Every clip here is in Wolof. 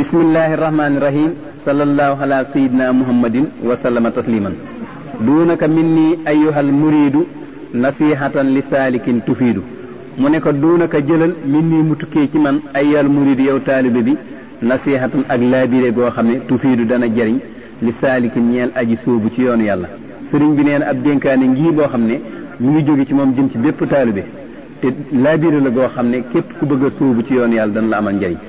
bismillahi irrahmani irrahim sallallahu ala sayidina muhammadin wa sallama tasliman duunaka minni ayyuhal muriidu nasihatan li saalikin tufiidu mu ne ko duunaka jëlal minni mu tukkee ci man ayyuhal muriidu yow taalibe bi nasihatan ak laabire goo xam ne tufiidu dana jariñ li saalikin ñeel aji sóobu ci yoon yàlla sëriñ bi nee na ab dénkaane ngii boo xam ne mu ngi jóge ci moom jëm ci bépp taalibe te laabire la goo xam ne képp ku bëgg a sóobu ci yoonu yàlla dana amal njariñ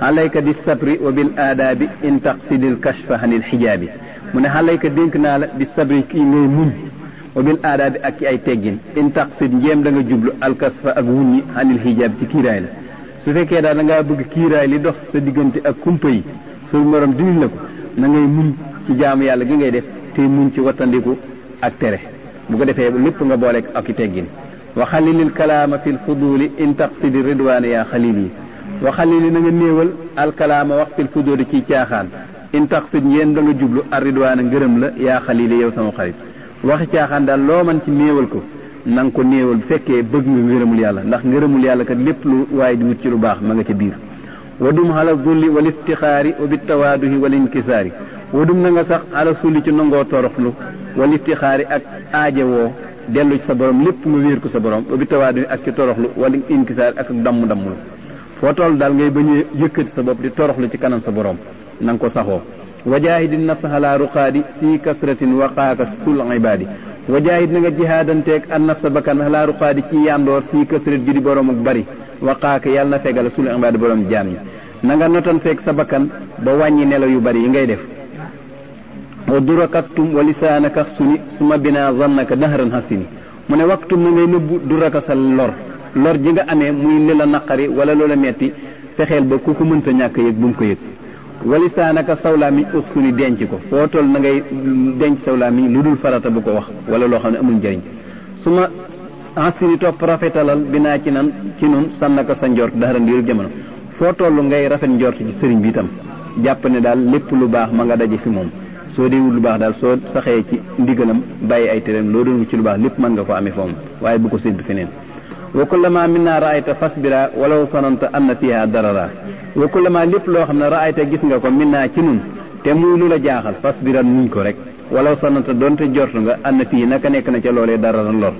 alayka bi sabri wa bil aadaabi in taqsidil kashfa anil xijaabi mu ne alayka dénk naa la bi sabri kii ngay muñ wa bil aadaabi ak ay teggin in taqsid njéem da nga jublu alkashfa ak wuññi anil xijaab ci kiiraay la su fekkee daal da bëgg kiiraay li dox sa diggante ak kumpa yi su morom dindi la ko na ngay muñ ci jaamu yàlla gi ngay def te muñ ci wattandiku ak tere bu ko defee lépp nga booleek ak i teggin wa xalilil kalaama fi lfuduli in taqsidi ridwaani yaa xalil yi waxali li na nga néewal alkalaama wax fil fudóori ci caaxaan in tax sit yéen da nga jublu aridwaana ngërëm la yaa xalili yow sama xarit waxi caaxaan daal loo man ci néewal ko na ko néewal bu fekkee bëgg nga ngërëmul yàlla ndax ngërëmul yàlla kat lépp lu waaye di wut ci lu baax ma nga ca biir wadum ala zulli wal iftixaari wa bitawaaduhi wal inkisaari wadum na nga sax ala sulli ci nangoo toroxlu wal iftixaari ak aajewoo dellu ci sa borom lépp nga wéer ko sa borom wa bitawaaduhi ak ci toroxlu wal inkisaari ak damm dammul foo toll daal ngay bañ yëkkat sa bop di toroxlu ci kanam sa borom nang ko saxo wajahidin nafsa ala ruqadi si kasratin qaka sul ibadi wajahid nga nga jihaadanteeg an nafsa bakan ala ruqadi ci yandoor si kasrat borom ak bari wa qaka na fegal sul ibadi borom jami nga noton tek sa bakan ba wañi nelo yu bari ngay def wa wa suni suma bina zannaka dahran hasini mune ne waktum ngay nubu duraka sal lor lor ji nga amee muy li la naqari wala loola metti fexeel ba ku ko mënta ñàkk yëg bu mu ko yëg walisaanaka sawlaamiñ ux suni denc ko foo toll na ngay denc sawlaamiñ lu dul farata bu ko wax wala loo xam ne amul njëriñ su ma ensini topp rafetalal bi naa ci nan ci nun sànnaka sa njort dara ndiiru jamono foo toll ngay rafet njort ci sëriñ bi itam jàpp ne daal lépp lu baax ma nga daje fi moom soo dee wut lu baax daal soo saxee ci ndigalam bàyyi ay tereem loo doon wut ci lu baax lépp mën nga ko amee foofu waaye bu ko sédd feneen wa kullama minna raayta fasbira walaw sananta anna fiha darara wa kullama lépp loo xam ne raayta gis nga ko minna ci nun te muy lu la jaaxal fasbira muñ ko rek walaw sananta doonte jortu nga anna fii naka nekk na ca loolee darara lor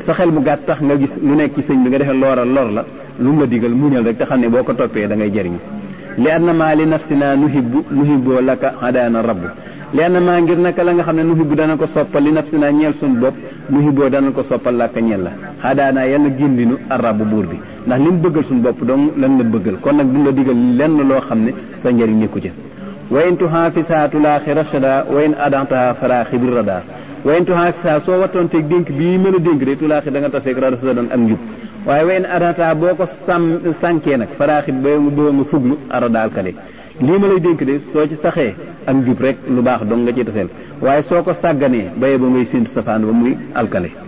sa xel mu gàtt tax nga gis lu nekk ci sëñ bi nga defee loora lor la lu mu la digal muñal rek te xam ne boo ko toppee da ngay jëriñu li anna maa li nafsina nuhibbu nuhibboo laka hadaana rabbu li anna maa ngir naka la nga xam ne nuhibbu dana ko soppal li nafsina ñeel suñu bopp nuhibboo dana ko soppal laka ñeel la xadaanaa yàlla gindinu arrabu buur bi ndax li mu bëggal suñu bopp dong lan la bëggal kon nag duñ la digal lenn loo xam ne sa njëriñ nekku ca wa in tuxaafisaatu laaxi rachada wa in adantaha fara xibir rada wa in tuxaafisaa soo wattoonteeg dénk bii mën a dénk de tulaaxi da nga taseeg radasadan ak njub waaye wa in adantaha boo ko sàm sànkee nag faraaxi xib ba nga fuglu aradaal kale lii ma lay dénk de soo ci saxee ak njub rek lu baax dong nga ciy taseel waaye soo ko sàgganee baye ba ngay séntu safaan ba muy alkale